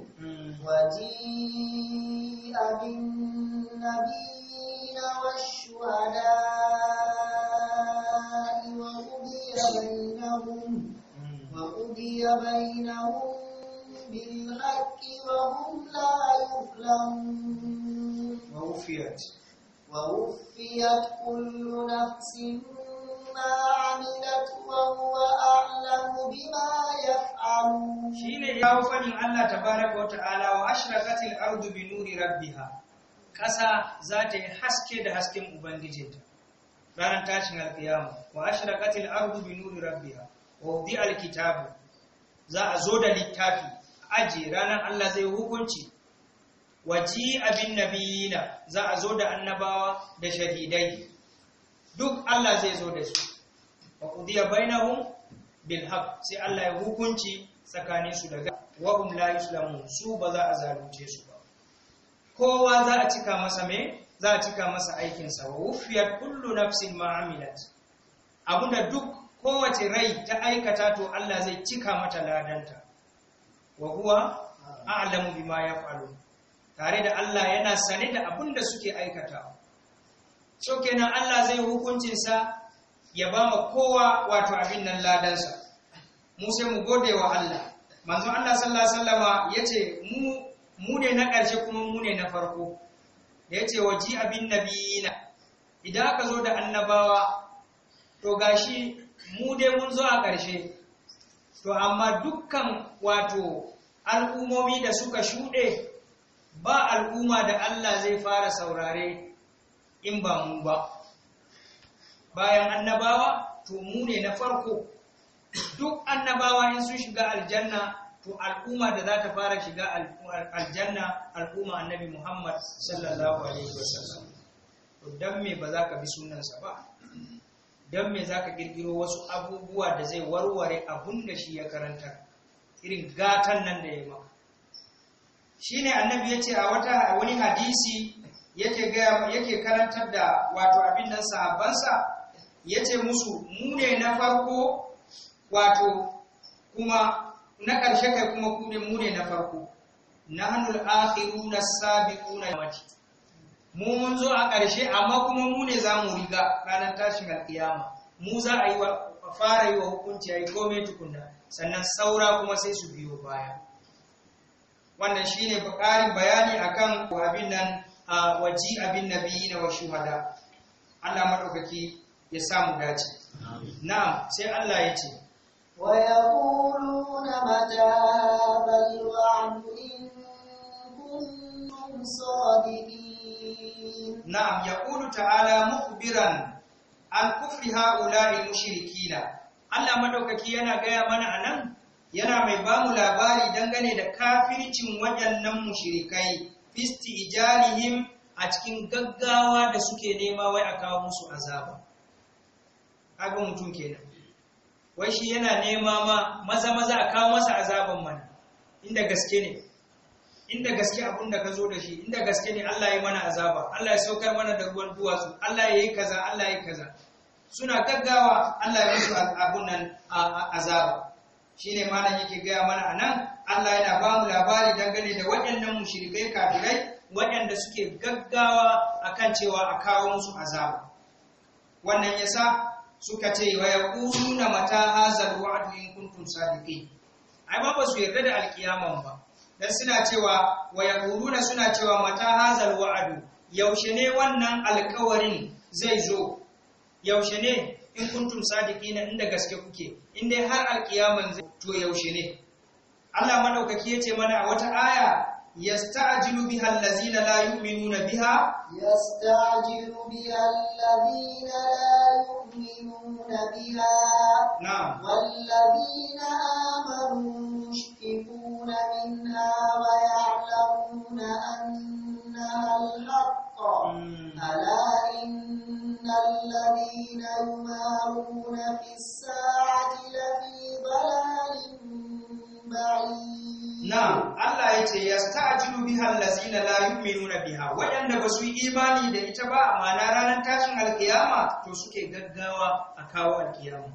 وجيء بالنبيين والشهداء وقضي بينهم وقضي بينهم بالحق وهم لا يظلمون ووفيت ووفيت كل نفس ما عملت وهو أعلم بما يفعلون شين ياو فدين الله تبارك وتعالى وأشرقت الأرض بنور ربها ƙasa za ta yi haske da hasken Ubangijinta ranar tashin alƙiyama wa ashraqatil ardu bi nuri rabbiha wa wudi alkitabu za a zo da littafi aje ranar Allah zai hukunci waji abin nabiyina za a zo da annabawa da shahidai duk Allah zai zo da su wa bai bainahum bil haqq sai Allah ya hukunci tsakanin su daga wa hum la yuslamun su ba za a zalunce su ba kowa za a cika masa me za a cika masa aikin sa wa wufiyat kullu nafsin ma amilat abunda duk kowace rai ta aikata to Allah zai cika mata ladanta wa huwa a'lamu bima yaf'alun tare da Allah yana sane da abin da suke aikata. so kenan Allah zai hukuncinsa ya ba ma kowa wato abin nan ladansa mu sai mu gode wa Allah manzon Allah sallallahu alaihi wasallama yace mu mu ne na ƙarshe kuma mu ne na farko Ya ce yace waji abin nabiyina idan aka zo da annabawa to gashi mu dai mun zo a ƙarshe to amma dukkan wato al'ummomi da suka shuɗe ba al'umma da Allah zai fara saurare in ba mu ba bayan annabawa to mu ne na farko duk annabawa in sun shiga aljanna to al'umma da za ta fara shiga aljanna al'umma annabi Muhammad sallallahu alaihi wasallam to dan me ba za ka bi sunansa ba dan me za ka kirkiro wasu abubuwa da zai warware abun da shi ya karanta irin gatan nan da ya maka Shi ne annabi yace a wata wani hadisi yake ga yake karantar da wato abin nan sahabbansa yace musu mu ne na farko wato kuma na ƙarshe kai kuma ku ne mu ne na farko nahnul akhiruna sabiquna wati mu mun zo a ƙarshe amma kuma mu ne za mu riga ranar tashin alƙiyama mu za a yi wa fara yi wa hukunci a yi komai tukunna sannan saura kuma sai su biyo baya wannan shine ƙarin bayani akan abin nan waji abin nabi na wa shuhada Allah madaukaki ya samu dace na'am sai Allah ya ce wa yaquluna mata bal wa'din kuntum sadiqin na'am yaqulu ta'ala mukhbiran an kufri ha'ula'i mushrikina Allah madaukaki yana gaya mana anan yana mai bamu labari dangane da kafircin waɗannan mushirikai, fisti ijalihim a cikin gaggawa da suke nema wai a kawo musu azaba haka mutum kenan wai shi yana nema ma maza maza a kawo masa azaban mana inda gaske ne inda gaske abun da ka zo da shi inda gaske ne Allah ya mana azaba Allah ya saukar mana da ruwan duwatsu Allah ya yi kaza Allah ya yi kaza suna gaggawa Allah ya musu abun nan azaba shine malam yake gaya mana a nan, Allah yana ba mu labari dangane da waɗannan mushirikai kafirai waɗanda suke gaggawa a kan cewa a kawo musu azaba wannan ya sa suka ce wa na mata hazar wa'adu in kuntum sadiqin ai ba su yarda da alkiyaman ba dan suna cewa wa yaquluna suna cewa mata hazar wa'adu, yaushe ne wannan alkawarin zai zo yaushe ne in kuntum sadiqina inda gaske kuke in dai har alkiyaman zai to yaushe ne Allah madaukaki yace mana a wata aya yasta'jilu biha allazina la yu'minuna biha yasta'jilu biha allazina la yu'minuna biha na'am wallazina amanu mushfiquna minha wa ya'lamuna annaha al-haqq hmm. ala inna إن الذين يمارون في الساعة لفي ضلال بعيد نعم الله يتي يستعجل بها الذين لا يؤمنون بها وأن بسوء إيماني da ita ba amma na ranar tashin alkiyama to suke gaggawa a kawo alkiyama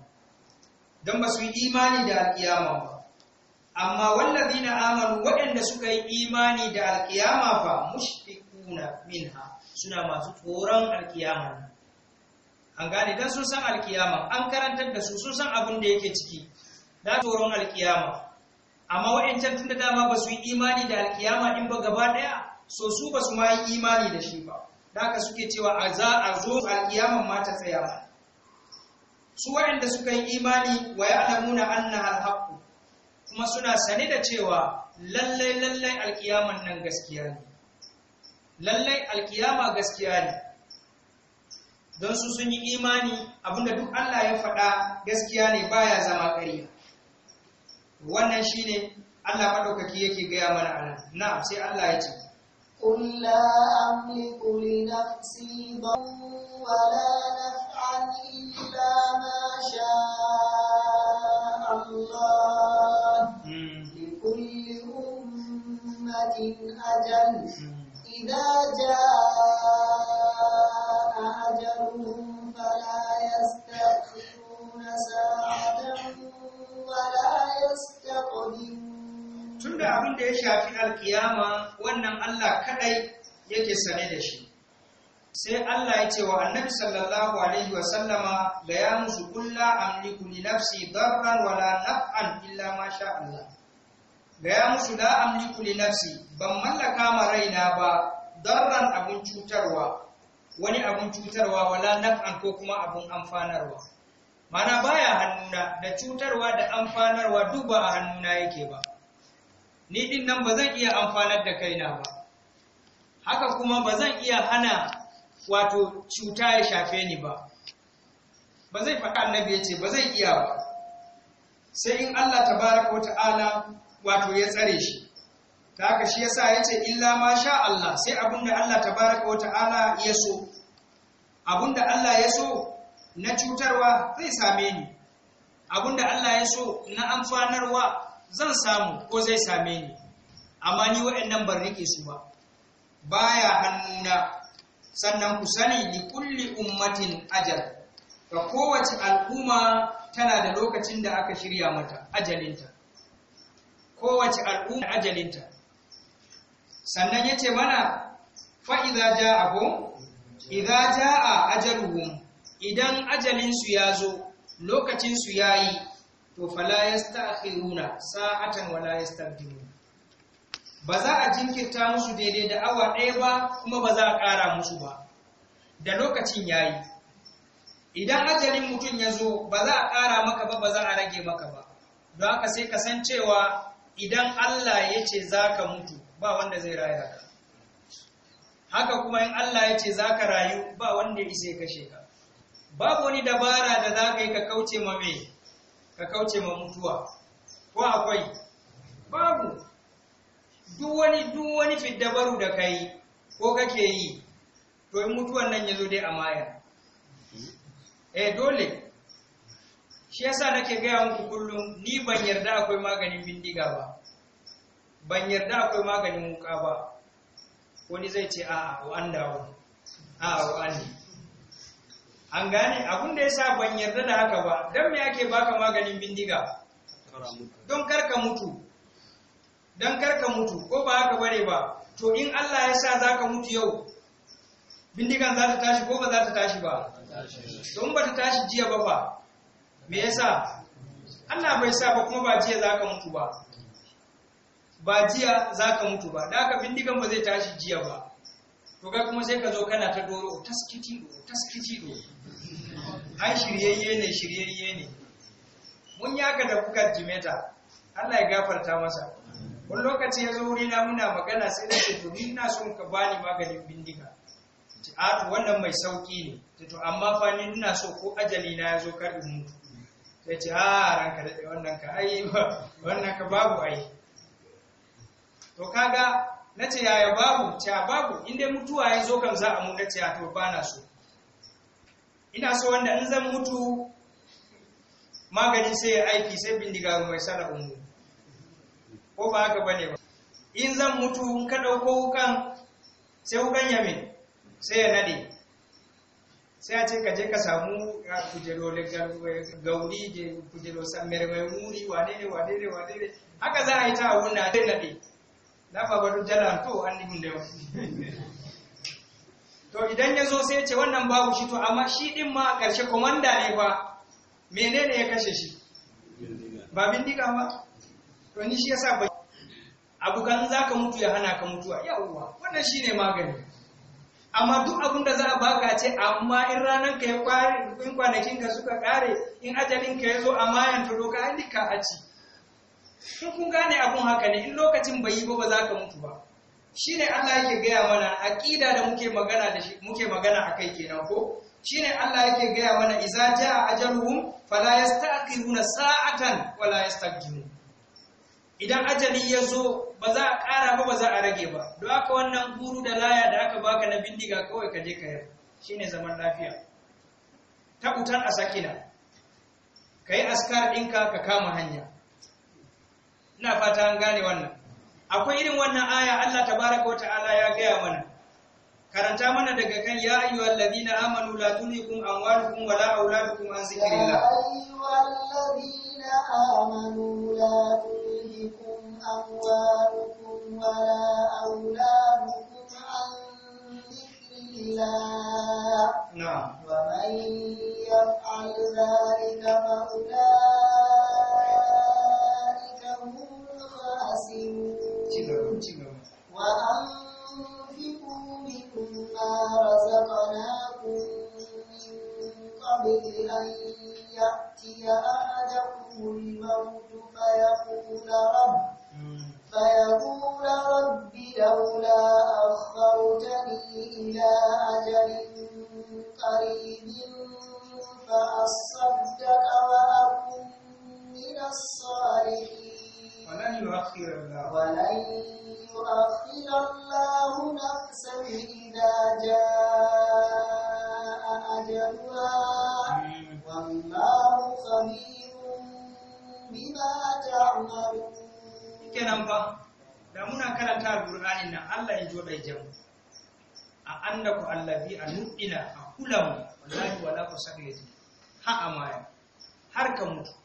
don ba su yi imani da alkiyama ba amma wallazina amanu waɗanda suka yi imani da alkiyama ba, mushfiquna minha suna masu tsoron alkiyama an gane dan sun san alkiyama an karantar da su sun san abin da yake ciki da tsoron alkiyama amma wa'ancan tun da dama ba su yi imani da alkiyama din ba gaba daya so su ba su ma yi imani da shi ba da haka suke cewa a za a zo alkiyama ma ta tsaya su waɗanda suka yi imani wa nuna annaha alhaqqu kuma suna sane da cewa lallai lallai alkiyaman nan gaskiya ne lallai alkiyama gaskiya ne don su sun yi imani abinda duk Allah ya faɗa gaskiya ne baya zama ƙarya wannan shine Allah maɗaukaki yake gaya mana anan na sai Allah ya ce قل لا أملك لنفسي ضرا ولا نفعا إلا ما شاء الله لكل أمة أجل إذا جاء abin da ya shafi alkiyama wannan Allah kadai yake sane da shi sai Allah ya ce wa annabi sallallahu alaihi wa sallama ga ya musu kulla amliku li nafsi darran wala naf'an illa ma sha Allah ga ya musu la amliku li nafsi ban mallaka ma raina ba darran abun cutarwa wani abun cutarwa wala naf'an ko kuma abun amfanarwa mana baya hannuna da cutarwa da amfanarwa duk ba a hannuna yake ba ni din nan ba zan iya amfanar da kaina ba haka kuma ba zan iya hana wato cuta ya shafe ni ba ba zai faɗa annabi ya ce ba zai iya ba sai in Allah tabaraka ta'ala wato ya tsare shi ta haka shi yasa ya ce illa ma sha Allah sai abinda Allah tabaraka ta'ala ya so abinda Allah ya so na cutarwa zai same ni abinda Allah ya so na amfanarwa zan samu ko zai same ni amma ni waɗannan ban rike su ba baya hannuna sannan ku sani li kulli ummatin ajal ga kowace al'umma tana da lokacin da aka shirya mata ajalinta kowace al'umma ajalinta sannan yace mana fa idza ja'ahum idza ja'a ajaluhum idan ajalin su zo lokacin su yayi to fala yastakhiruna sa'atan wala yastabdiluna ba za a jinkirta musu daidai da awa ɗaya ba kuma ba za a ƙara musu ba da lokacin yayi idan ajalin mutum ya zo ba za a ƙara maka ba ba za a rage maka ba don haka sai ka san cewa idan Allah ya ce za ka mutu ba wanda zai raya ka haka kuma in Allah ya ce za ka rayu ba wanda ya kashe ka babu wani dabara da za ka yi ka kauce ma ka kauce ma mutuwa ko akwai babu duk wani duk wani fiddabaru da kai ko kake yi to in mutuwan nan yazo dai a maya eh dole shi yasa nake gaya muku kullum ni ban yarda akwai maganin bindiga ba ban yarda akwai maganin wuka ba wani zai ce a'a wa'an dawo a'a wa'an an gane abin da ya sa ban yarda da haka ba don me ake baka maganin bindiga don karka mutu don karka mutu ko ba haka bare ba to in Allah ya sa za ka mutu yau bindigan za ta tashi ko ba za ta tashi ba don ba ta tashi jiya ba ba me ya sa? Allah bai sa ba kuma ba jiya za ka mutu ba ba jiya za ka mutu ba da haka bindigan ba zai tashi jiya ba to ga kuma sai ka zo kana ta doro taskiti do taskiti do an shiryayye ne shiryayye ne mun yaka da kuka jimeta Allah ya gafarta masa wani lokaci ya zo wurina muna magana sai da ce to ina son ka bani maganin bindiga ce a to wannan mai sauki ne ce to amma fa ni ina so ko ajali na ya zo kar in mutu sai ce a ranka da wannan ka ai wannan ka babu ai to kaga na ce yaya babu ce babu inda mutuwa ya zo kan za a mu na a to ba na so ina so wanda in zan mutu magani sai ya aiki sai bindiga mai sana umu ko ba haka bane ba in zan mutu in ka dauko wukan sai wukan ya min sai ya nade sai a ce ka je ka samu kujero da gauri da kujero samar mai muri wane ne wane ne wane ne haka za a yi ta wuna da nade na babaru jalan to an nihin da yau [laughs] to idan ya zo sai ce wannan babu shi to amma shi din ma a ƙarshe komanda ne fa menene ya kashe shi ba bindiga ba to ni shi sa ba abu kan za ka mutu ya hana ka mutuwa yawwa wannan shi ne magani amma duk abin da za a baka ce amma in ranar ka ya kware in kwanakin ka suka kare in ajalin ka ya zo a mayan to doka an ka a ci in kun gane abin haka ne in lokacin bai yi ba ba za ka mutu ba ne Allah yake gaya mana aƙida da muke magana da shi muke magana kenan ko ne Allah yake gaya mana idza jaa ajaluhum fala yasta'khiruna sa'atan wala yastaqdimun idan ajali ya zo ba za a ƙara ba ba za a rage ba don haka wannan guru da laya da aka baka na bindiga kawai ka je ka yi ne zaman lafiya ta utan a sakina yi askar ɗinka ka kama hanya ina fata an gane wannan akwai irin wannan aya Allah tabaraka wa ta'ala ya gaya mana karanta mana daga kan ya ayyuhal ladina amanu la tunikum amwalukum wala auladukum an zikrillah ya ayyuhal ladina amanu la tunikum amwalukum wala auladukum an zikrillah na'am wa man yaf'al dhalika fa ci gaba wa anfiqu mimma razaqnakum min qabli an ya'tiya ahadakum al-maut fayaqula rabb فيقول رب لولا أخرتني إلى أجل قريب فأصدق وأكن من الصالحين ولن يؤخر الله ولن يؤخر الله نفسا إذا جاء أجلها والله خبير بما تعملون kenan fa da muna karanta Qur'anin nan Allah ya jodai jamu a annaku allazi anu'ila a kulamu wallahi wala kusallati ha amaya har ka mutu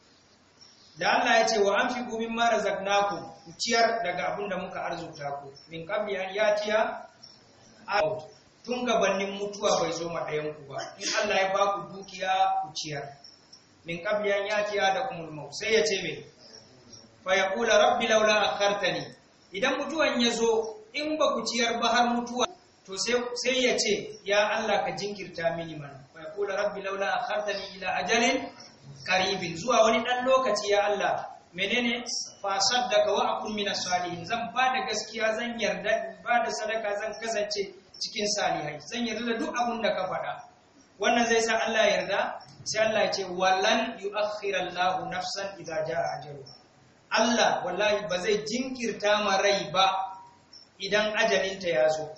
da Allah ya ce wa an fi gumin mara zaknaku ciyar daga abin da muka arzuta ku min kabli an yatiya out tun gabanin mutuwa bai zo ma ɗayan ku ba in Allah ya ba ku dukiya ku ciyar min kabli an ya ciya da kumul maut sai ya ce me fa kula rabbi laula akhartani idan mutuwan ya zo in ba ku ciyar ba har mutuwa to sai ya ce ya Allah ka jinkirta mini mana fa kula rabbi laula akhartani ila ajalin Karibin zuwa wani ɗan lokaci ya Allah menene fa daga wa akun salihin zan ba da gaskiya zan yarda ba da sadaka zan kasance cikin salihai zan yarda da duk abun da ka faɗa wannan zai sa Allah yarda sai Allah ya ce walan yu'akhkhira Allahu nafsan idza jaa ajaluha Allah wallahi ba zai jinkirta ma rai ba idan ajalinta ya zo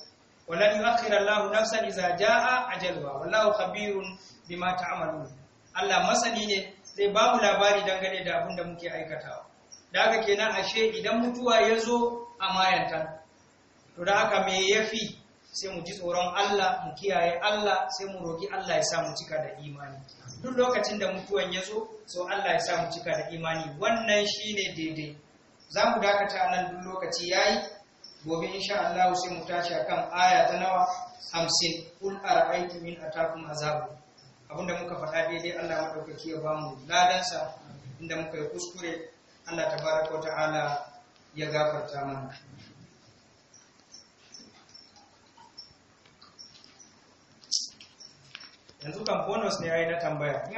walan yu'akhkhira Allahu nafsan idza jaa ajaluha wallahu khabirun bima ta'malun Allah masani ne zai ba mu labari dangane da abin da muke aikatawa da ke kenan ashe idan mutuwa ya zo a mayanta to da haka me fi sai mu ji tsoron Allah mu kiyaye Allah sai mu roƙi Allah ya sa mu cika da imani duk lokacin da mutuwan ya zo so Allah ya sa mu cika da imani wannan shi ne daidai za mu dakata nan duk lokaci ya yi gobe insha Allah sai mu tashi a kan aya ta nawa hamsin kul min in atakum azabu abinda muka faɗa daidai Allah maɗaukaki ya ba mu ladansa inda muka yi kuskure Allah tabaraka wa ta'ala ya gafarta mana yanzu kan bonus ne yayi na tambaya